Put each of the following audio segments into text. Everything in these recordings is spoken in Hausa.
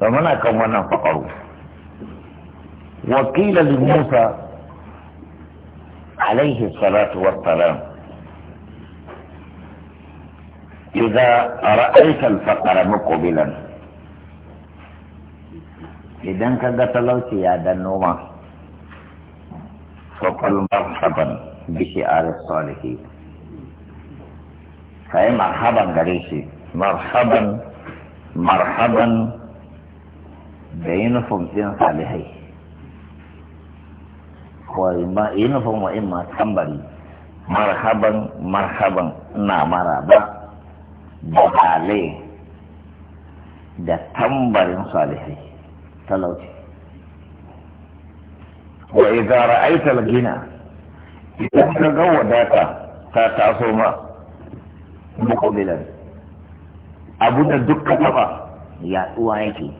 فمنع كم وانا فقروا وقيل لموسى عليه الصلاة والسلام إذا رأيت الفقر مقبلا إذا كذا تلوت يا دنوما فقل مرحبا بشعار الصالحين فأي مرحبا قريشي مرحبا مرحبا da uniform ɗin salihai uniform wa imma tambari marhaban marhaban na maraba da ale da tambarin salihai talauci wa idza ra'aita al-gina idan ka ga wadata ta taso ma muqbilan abu da dukkan taba yaduwa yake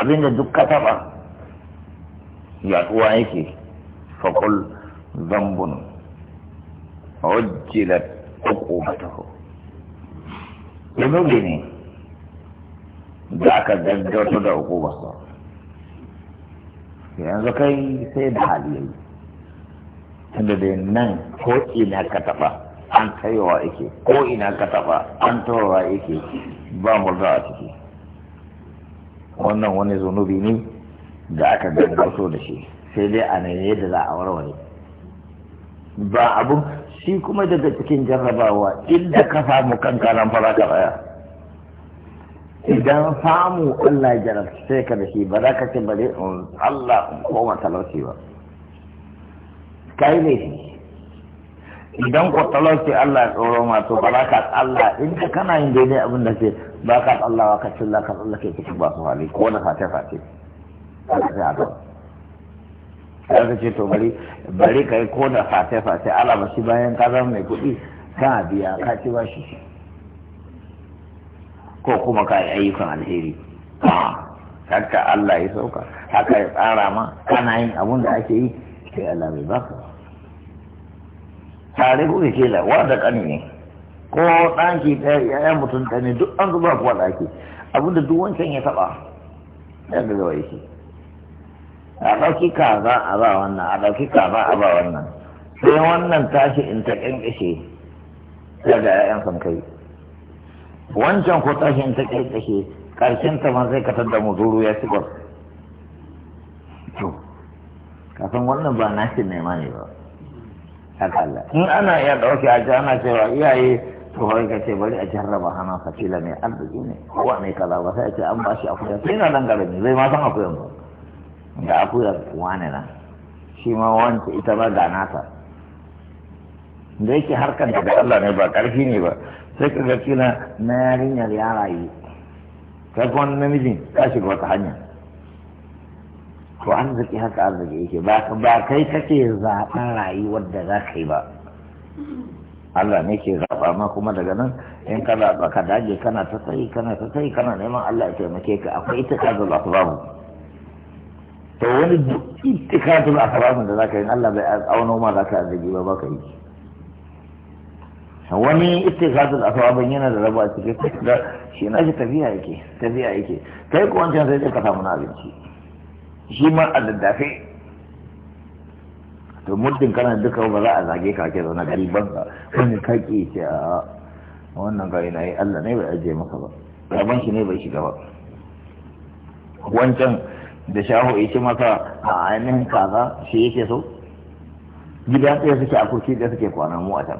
abinda duk ka ya yaɗuwa yake faƙul zambun uku uqubatahu zunubi ne da aka gaggauta da uku uqubarsa yanzu kai sai da hali tunda da nan ko ina ka taba an kaiwa yake ko ina ka taba an tawawa yake ba za a ciki wannan wani zunubi ne da aka gangarto da shi sai dai a nan yadda za a warware ba abu shi kuma daga cikin jarrabawa inda ka samu kanka nan fara ka tsaya idan samu Allah jarar sai ka da shi ba za ka ce ba dai Allah in koma talauci ba kai ne shi idan ko talauci Allah ya tsoro ma to ba za ka Allah in ka kana yin daidai abin da ke ba ka tsallawa ka cilla ka tsallake ke ci ba su hali ko na fata fata sai a gaba sai ka ce to bari bari kai ko da fata fata alama shi bayan ka zama mai kuɗi ka biya ka ci ba shi ko kuma ka yi ayyukan alheri ah, haka Allah ya sauka haka ya tsara ma kana yin abun da ake yi sai Allah bai baka tare kuke ke wa da kani ne ko ɗaki ɗaya yayan mutum ɗani ne duk an zuba kuwa ɗaki abinda duk wancan ya taɓa ya ga gawa yake a ɗauki kaza a ba wannan a ɗauki kaza a ba wannan sai wannan tashi in ta ƙanƙashe ya ga yayan san kai wancan ko tashi in ta ƙanƙashe ƙarshen ta ma sai ka tadda zuru ya shigo to kafin wannan ba nashi nema ne ba haka Allah in ana iya ɗauki a ana cewa iyaye to har ka ce bari a jarraba hana fasila mai arziki ne kowa mai kaza ba sai a ce an ba shi akuya sai na dan garami zai ma san akuyan ba da akuya wane na shi ma wance ita ba da nata da yake harkar da Allah ne ba karfi ne ba sai ka ga kila na yarinyar ya rayu kai kuma namijin ka shiga wata hanya to zaki haka arziki yake ba kai kake zaɓen rayuwar da za ka yi ba Allah ne ke zaɓa ma kuma daga nan in ka zaɓa ka dage kana ta tsayi kana ta tsayi kana neman Allah ya taimake ka akwai ita ka zo babu to wani ita ka zo babu da zaka yi Allah bai auno ma zaka arziki ba ba ka yi wani zo aswabin yana da rabu a cikin da shi na shi tafiya yake tafiya yake kai kuwancin sai ka samu na abinci shi ma a daddafe to muddin kana duka ba za a zage ka ke zaune gariban ka wani kaki ce a wannan gari na yi Allah ne bai ajiye maka ba gaban shi ne bai shiga ba wancan da shaho ya ce masa a ainihin kaza shi yake so gida ɗaya suke a kurki ɗaya suke kwana mu a can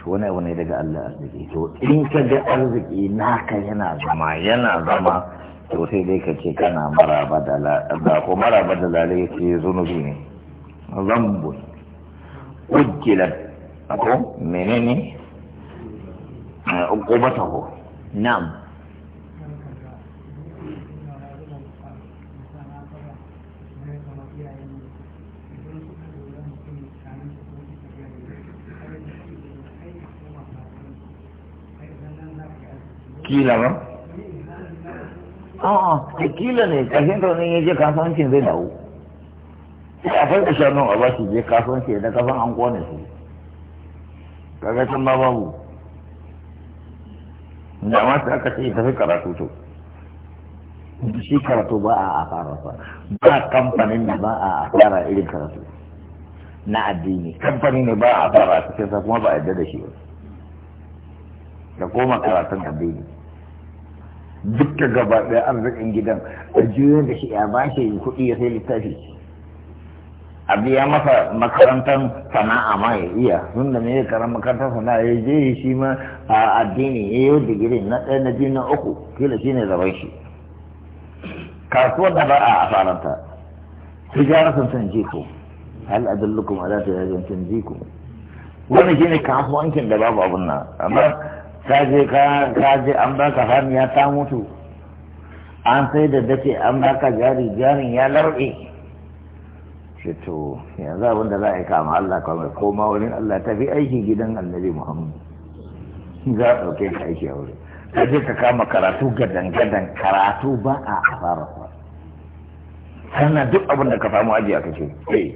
to wani abu ne daga Allah arziki to in ka ga arziki naka yana zama yana zama to sai dai ka ce kana maraba da la ko maraba da la ke zunubi ne ذنب أجلت أكو منين عقوبته نعم kila ba a'a kila ne kashin to ne yaje kasuwancin zai dawo sai a farka shanu a bashi je ke da kafin an kone su kaga can ma babu da ma sai aka ce fi karatu to shi karatu ba a fara. sa ba kamfanin da ba a fara irin karatu na addini kamfani ne ba a fara a sai kuma ba a yadda da shi ba da koma karatun addini dukkan gaba ɗaya arzikin gidan a juyar da shi a shi kuɗi ya sai littafi a biya masa makarantar sana'a ma ya iya sun da mai karan makarantar sana'a ya je shi ma a addini ya yi digiri na ɗaya na biyu na uku kila shi ne zaban shi kasuwar da ba a asaranta gyara sun san jiko hal adallukum ala tijarin sun jiko wani shi ne kasuwancin da babu abun nan amma ka je ka je an baka ya ta mutu an sai da dace an baka jari jarin ya larɗe ce to yanzu abin da za a yi kama Allah kawai koma wani Allah ta fi aikin gidan annabi Muhammad za a ɗauke ka aiki a wuri ka je ka kama karatu gadan gadan karatu ba a fara kwa sana duk abin da ka samu aji aka ce eh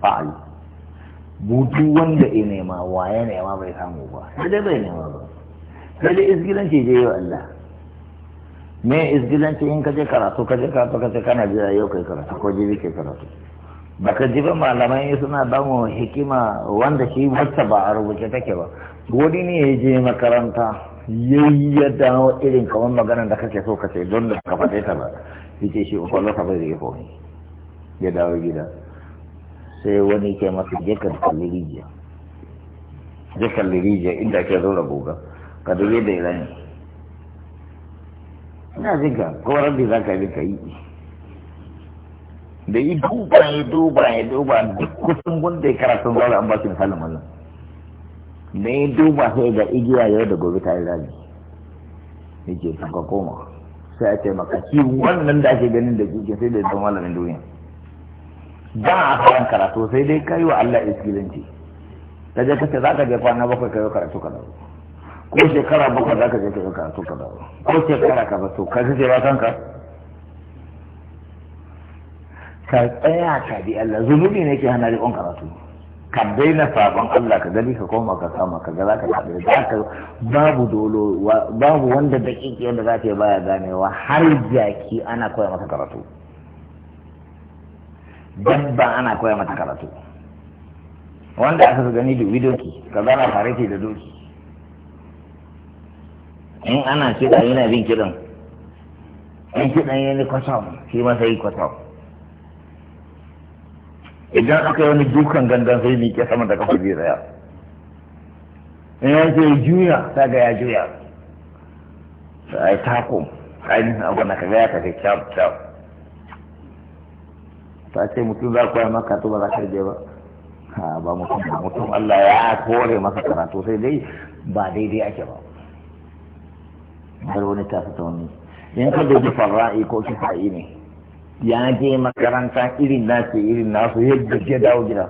ba a yi butu wanda ya nema waye nema bai samu ba sai dai bai nema ba sai dai isgilanci je yi wa Allah me izgilanci in ka je karatu ka je karatu ka kana jira yau kai karatu ko jibi kai karatu baka ji ba malamai suna bamu hikima wanda shi wacce ba a rubuce take ba wani ne ya je makaranta yayi ya dawo irin kamar maganar da kake so ka ce don da ka faɗe ta ba yace shi kwallo ka bai rike komai ya dawo gida sai wani ke masa je ka kalli rijiya je kalli rijiya inda ke zo da goga ka dubi da ilani ina jinka ko da za ka yi ka yi da yi duba ya duba ya duba duk kusan wanda ya karatun zaura an ba shi misalin wannan da ya duba sai ga igiya yau da gobe ta yi rami yake ka koma sai a taimaka shi wannan da ake ganin da jikin sai da zama malamin duniya ba a karan karatu sai dai kai wa Allah iskilanci ta je kace za ka je kwana bakwai kai karatu karatu ko shekara bakwai za ka je ka yi karatu ka dawo ko shekara ka ba to ka ji ba kanka ka tsaya ka bi Allah zunubi ne ke hana riƙon karatu ka daina sabon Allah ka gani ka koma ka kama ka ga za ka kaɗe za ka babu dolo babu wanda da kike wanda za ta baya ganewa har jaki ana koya mata karatu dabba ana koya mata karatu wanda aka gani da doki ka zana fareti da doki in ana kiɗa yana bin kiɗan in kiɗan ya ni kwatam shi ma sai kwatam idan aka yi wani dukan gangan sai ni ke sama da kafa zai tsaya in ya ce juya ta ya juya sai ta tako ainihin abu na kaga ya tafi kyau kyau ta ce mutum za ku yi maka to ba za ka je ba ha ba mutum ba mutum Allah ya kore masa karatu sai dai ba daidai ake ba har wani ta fita wani in ka dubi farra'i ko kifa'i ne ya je makaranta irin nasu irin nasu yadda ke dawo gida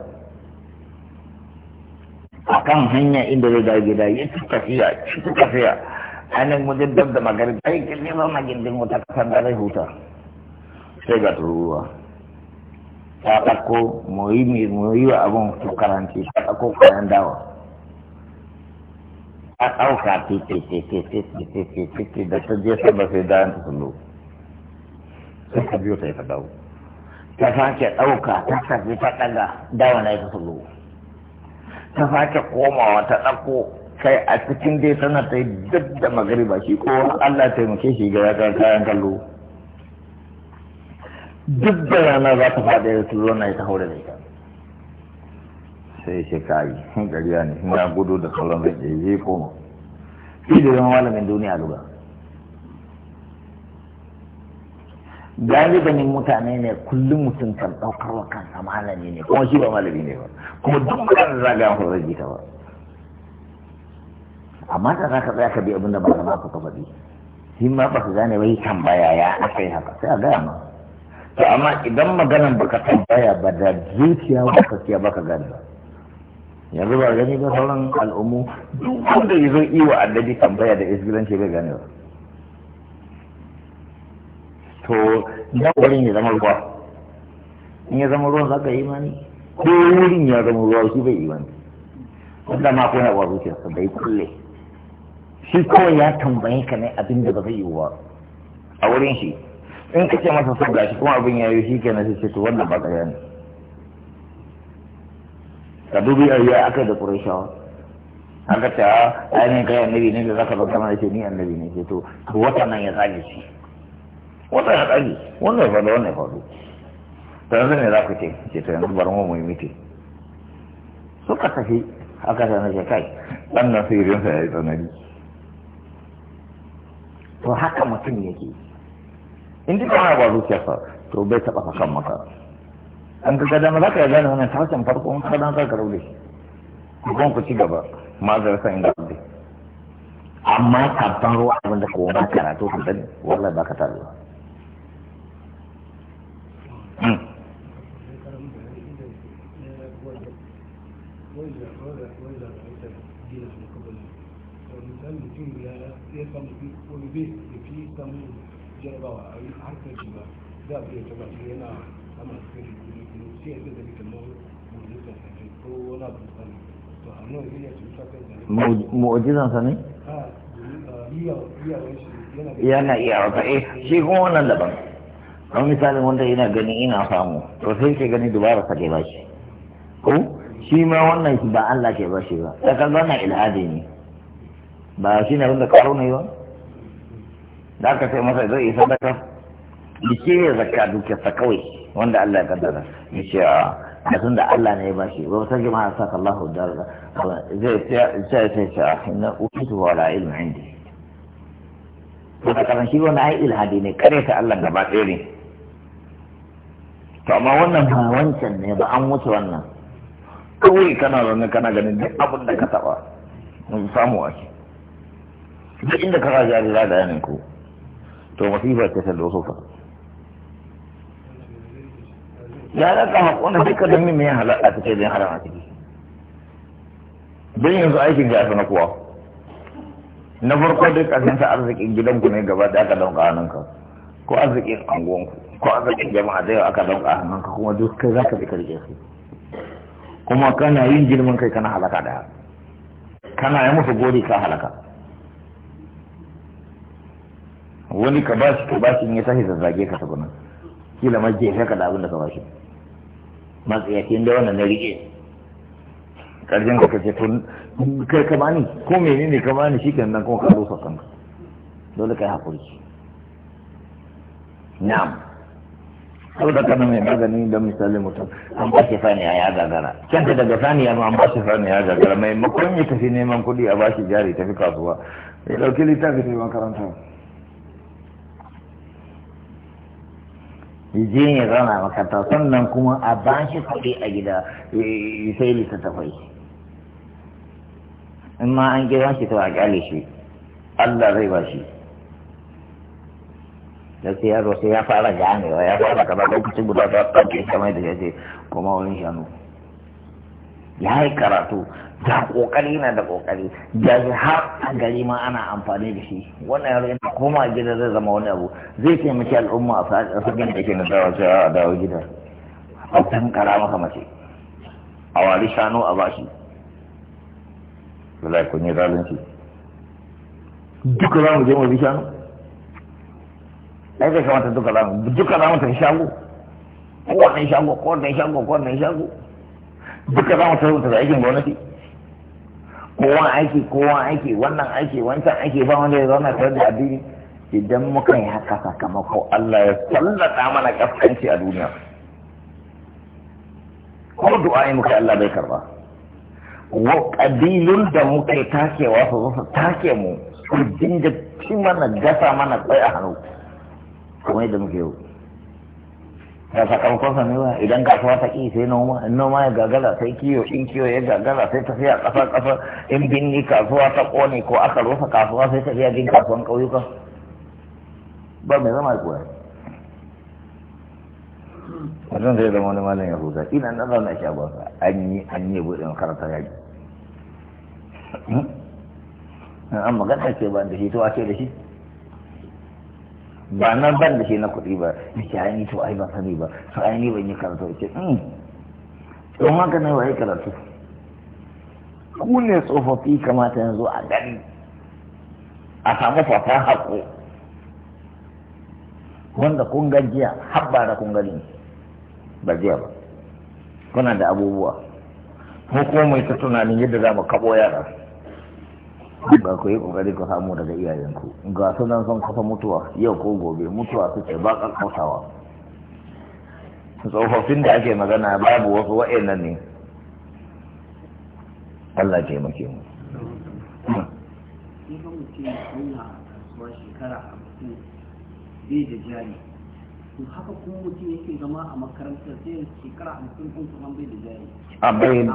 a kan hanya inda zai dawo gida ya ci tafiya ci tafiya hannun wajen dab da magarin ai kirni ba magindin wata kasan da zai huta sai ga turuwa ta ɗauko mu yi wa abin karanci ta ɗauko kayan dawa a ɗauka titi da ta je sama sai da ta sullo sai ka biyo ta yi ta dawo ta sake ɗauka ta tafi ta ɗaga dawa na yi ta sullo ta sake komawa ta ɗauko kai a cikin dai tana ta yi duk da magariba shi ko Allah taimake shi ga yakan kayan kallo duk da rana za ta faɗi da sullo na yi ta haure da ita sai ce kayi sun gariya ne sun ya gudu da sauran zai ɗaya zai koma shi da zama malamin duniya luga galibanin mutane ne kullum mutum kan ɗaukar wa kansa malami ne kuma shi ba malami ne ba kuma duk mutane da zaga yanku zai ta ba amma da za ka tsaya ka bi abin da malama ka ka faɗi shi ma ba su gane ba yi tambaya ya aka yi haka sai a gaya ma to amma idan maganan baka tambaya ba da zuciya baka siya baka gane ba yanzu ba gani ba sauran al'ummu duk wanda ya zo yi wa annabi tambaya da isgilanci bai gane ba to na wurin ya zama ruwa in ya zama ruwan zaka imani ko wurin ya zama ruwa shi bai imani wanda ma ko na wa zuciyarsa bai kulle shi ko ya tambaye ka ne abin da ba zai yi wa a wurin shi in ka ce masa sun shi kuma abin ya yi shi kenan sai ce to wannan ba ƙarya ne ka dubi a ya aka da ƙurashawa an ka ta ah, ainihin kai annabi ne da za ka bauta mana ce ni annabi ne ke to wata nan ya tsage shi wata ya tsage wanda ya faɗo wanda ya faɗo ta yanzu ne za ku ce ce ta yanzu bari mu mu yi miti suka tafi aka na ce kai ɗan nan sai irinsa ya yi tsanani to haka mutum yake in ji kana ba zuciyarsa to bai taɓa fakan maka an ka gada za ka gane wannan tashin farko in ka za ka raule kuma ku ci gaba ma zai san inda abdi amma kafin ruwa abin da kowa ba karatu ka sani ba ka tarewa hmm. jarabawa a harkar shi ba za a iya taba shi yana sama da mu'ujizansa ne? yana iya wata eh shi kuma wannan daban don misalin wanda yana gani ina samu to sai ke gani dubara ka ke bashi ko shi ma wannan shi ba Allah ke bashi ba da kan zana ilhadi ne ba shi ne wanda karo ne ba da aka sai masa zai isa daga da ya zakka dukiyarsa kawai wanda Allah ya kaddara ya ce a kasan da Allah ne ya bashi ba ta wata jama'a sa kallahu da zai sai sai sai inna utitu wa la ilmi indi da karan shi wannan ai ilhadi ne kare ta Allah gaba ɗaya ne to amma wannan ba wancan ne ba an wuce wannan kawai kana zaune kana ganin duk abin da ka taɓa mun samu a shi duk inda ka sa jari za da yanin ku to masifar ta sallo sofa ya raka hakuna duka da min mai halar a cikin bin haram a ciki don yanzu aikin ga na kuwa na farko duk ƙarshen ta arzikin gidanku ne gaba da aka danka ka, ko arzikin anguwanku ko arzikin jama'a da yawa aka danka ka, kuma duk kai za ka bi karje su kuma kana yin girman kai kana halaka da kana yi musu gori ka halaka wani ka ba shi ka ba shi ne ta hisa zage ka tukunan kila ma jefe ka da abin da ka ba shi matsayacin da wannan na rike karjin ka kace tun kai kama ni ko mene ne kama ni shikenan nan kuma ka rusa kanka dole kai hakuri na'am da kana mai magani da misali mutum an ba shi saniya ya gagara kyanta daga fani ya an ba shi fani ya gagara maimakon ya tafi neman kuɗi a ba shi jari tafi kasuwa ya ɗauki littafi ne makaranta je ya zauna makaranta sannan kuma a ba shi kuɗi a gida sai littattafai in ma an gida shi to a kyale shi Allah zai ba shi da sai yaro sai ya fara ganewa ya fara kamar lokacin guda ta ɗauke kamar da ya ce kuma wurin shanu ya yi karatu da kokari na da kokari da har a gari ma ana amfani da shi wannan yaro yana koma gida zai zama wani abu zai taimaki al'umma a fagen da ke na dawo sai a dawo gida a kara maka mace a wari shanu a bashi wallahi kun yi zalunci duka za mu je mu bi shanu ai zai kamata duka za mu duka za mu ta shago wani shago wani shago wani shago duka za mu tarbuta da aikin gwamnati kowa aiki kowa aiki wannan aiki wancan aiki ba wanda ya zauna tare da addini idan muka yi haka sakamako Allah ya sallata mana kaskanci a duniya ko du'a muka Allah bai karba wa kabilun da muke takewa su su take mu su dinga ci mana gasa mana tsaye a hannu kuma yadda muke yau ya sakamakon sa ne idan kasuwa ta ƙi sai noma in noma ya gagara sai kiyo in kiyo ya gagara sai tafiya kasa kasa in binni kasuwa ta kone ko aka rufe kasuwa sai tafiya bin kasuwan kauyuka ba mai zama kuwa wajen zai zama wani malin ya huta ina na zama shi abuwa an yi an yi buɗe makarantar yaji hmm? an magana ce ba da shi to a ce da shi ba na ban da shi na kuɗi ba yake ai to ai ban sani ba to ai ni ban yi karatu ce um mm. don haka ne yi karatu ku ne tsofaffi kamata yanzu a gani a samu fafan haƙo wanda kun gajiya habba da kun gani ba jiya ba kuna da abubuwa ko kuma mai ta tunanin yadda za mu kaɓo yara ba ku yi kokari ku samu daga iyayenku ga sunan sun kafa mutuwa yau ko gobe mutuwa suke ba kakkautawa tsofaffin da ake magana babu wasu wa'annan ne Allah ke muke mu haka kuma mutum yake zama a makarantar sai shekara hamsin kun kuma bai da jari a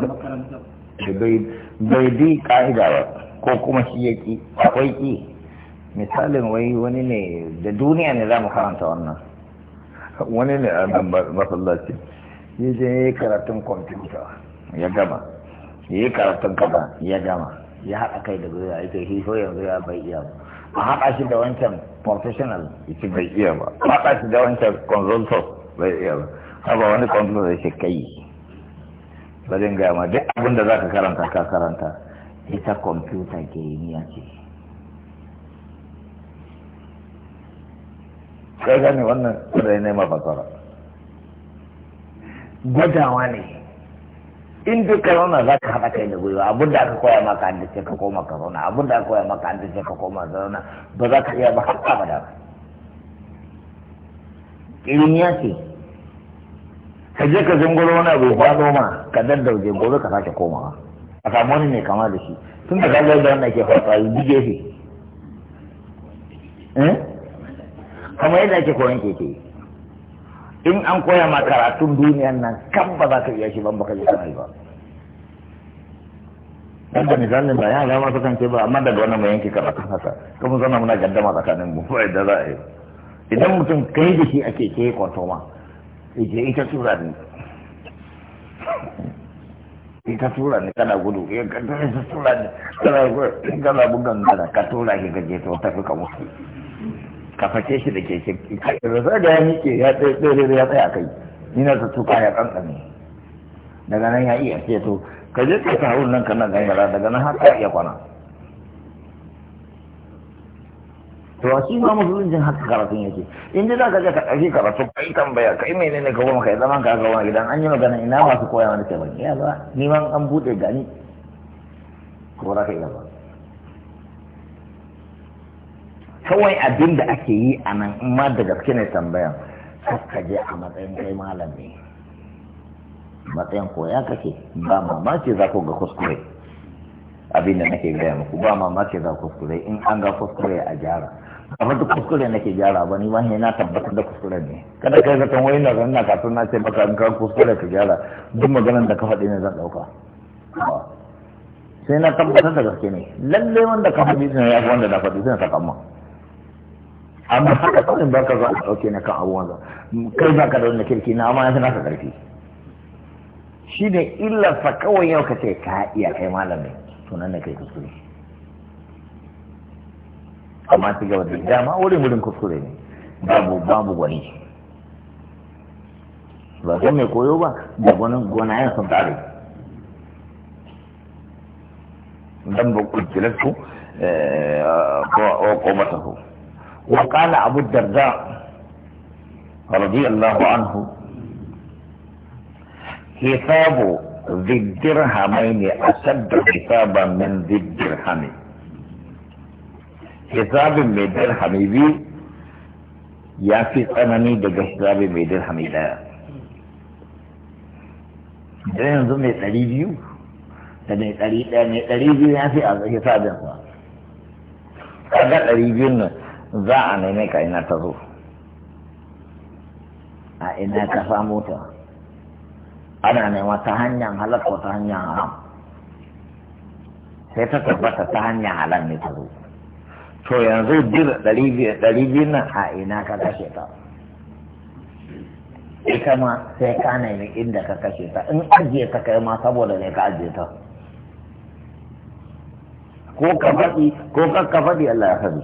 makarantar bai bi ka'ida ba ko kuma shi ya ki akwai ki misalin wai wani ne da duniya ne za mu karanta wannan wani ne a nan masallaci ya je ya yi karatun kwamfuta ya gama ya yi karatun kaba ya gama ya haɗa kai da gwiwa ya ce hiso yanzu ya bai iya ba a haɗa shi da wancan professional ya ce bai iya ba haɗa shi da wancan consultant bai iya ba haka wani consultant ya ce kai bari gaya ma duk abin da za ka karanta ka karanta ita kwamfuta ke yi ce kai gani wannan kudai ne mafasara gwadawa ne in duk karona za ka haɗa kai da gwiwa abin da aka koya maka an dace ka koma karona abin da aka koya maka an dace ka koma karona ba za ka iya ba har abada ba ilmiya ce ka je ka zunguro wani abu ba noma ka daddauje gobe ka sake komawa a samu wani mai kama da shi tun da ka da wannan ke farfa yi bi gefe eh? Kama yadda ake koyon keke in an koya ma karatun duniyan nan kan ba za ka iya shi ban baka je kanai yi ba dan da misalin ba yara ma sukan ce ba amma daga wannan mai yanke karatun haka kuma zana muna gaddama tsakanin mu ba za a yi idan mutum kai da shi ake ke kwantoma ije ita tura ne ita tura ne kana gudu ya eh, kantar ita tura ne kana gudu kana bugan gana ka tura ke gaje ta tafi ka mutu ka fashe shi da ke shi da sai da ya nike ya tsaye ya tsaya kai ni na tattu ya kankane daga nan ya iya ce to ka je ka sahur nan kana gangara daga nan haka ya kwana karantarwa shi ma haka karatun yake in dai za ka je ka ɗauki karatu ka yi tambaya ka yi menene ka goma ka yi zaman ka goma gidan an yi magana ina masu koya wani ke ban iya ba ni ma an buɗe gani ko za ka yi ba kawai abin da ake yi a nan in ma da gaske ne tambayan ka je a matsayin kai malami matsayin koya kake ba mamaki za ku ga kuskure abin da nake gaya muku ba mamaki za kuskure in an ga kuskure a gyara amma duk kuskure nake gyara ba ni ba ne na tabbatar da kuskure ne kada kai zaton wani na zan na kafin na ce maka an ka kuskure ka gyara duk maganar da ka faɗi ne zan ɗauka sai na tabbatar da gaske ne lalle wanda ka faɗi ne ya fi wanda na faɗi sai na saka ma amma haka kawai ba ka za a ɗauke na kan abubuwan za kai ba ka da wani kirki na amma yanzu na ka ƙarfi shi ne illarsa kawai yau ka ce ka iya kai malamin sunan da kai kuskure amma ci gaba da dama wurin wurin kuskure ne babu babu gwani ba san mai koyo ba da gwanin gwanayen sun tare dan ba kujilar su eh, ko mata su wa kala abu darda radiyallahu anhu hisabu ذي الدرهمين أشد حسابا من ذي الدرهم حساب من الدرهم بي يأتي أنني دق حساب من الدرهم لا دين ذم تريبيو دين تري دين تريبيو يأتي هذا حساب ما هذا تريبيو ذا أنني كائنات ذو أنا كفاموتا ana nema ta hanyar halal ko ta hanyar haram sai ta tabbata ta hanyar halal ne ta zo to yanzu dir ɗari biyu nan a ina ka kashe ta ita ma sai ka nemi inda ka kashe ta in ajiye ta kai ma saboda ne ka ajiye ta ko ka faɗi ko ka faɗi Allah ya faɗi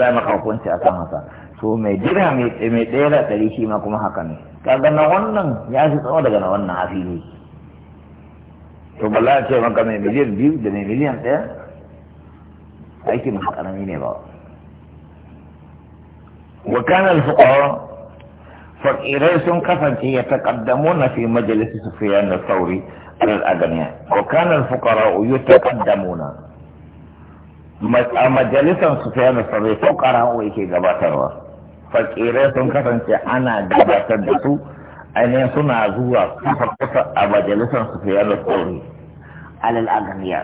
za mu hukunci a kan haka to mai dirham mai ɗaya da ɗari shi ma kuma haka ne kaga na wannan ya fi tsawo daga na wannan a fili to balla ce maka mai miliyan biyu da mai miliyan ɗaya aikin masu karami ne ba wa kana al fakirai sun kasance ya taƙaddamo na fi majalisi sufiyan na sauri alal aganiya wa kana al-fuqara yu taqaddamu na a majalisan sufiyan na sauri fuqara yake gabatarwa fakirai sun kasance ana gabatar da su ainihin suna zuwa kusa kusa a majalisar su fiye da tsori alal agamiya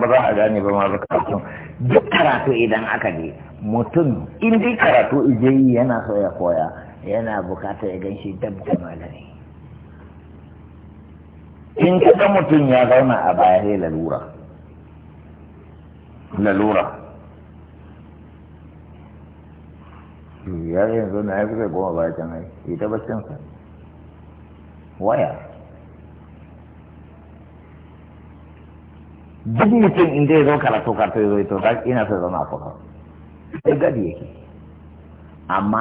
ba za a gane ba ma karatu duk karatu idan aka je mutum in dai karatu ijeyi yana so ya koya yana bukata ya gan shi dab da malami in kada mutum ya zauna a baya sai lalura lalura ya yanzu na ya kusa goma ba can hai ita baccin sa waya duk mutum inda ya zo karatu karatu ya zo ita ina sa zama a kwakwa sai gadi yake amma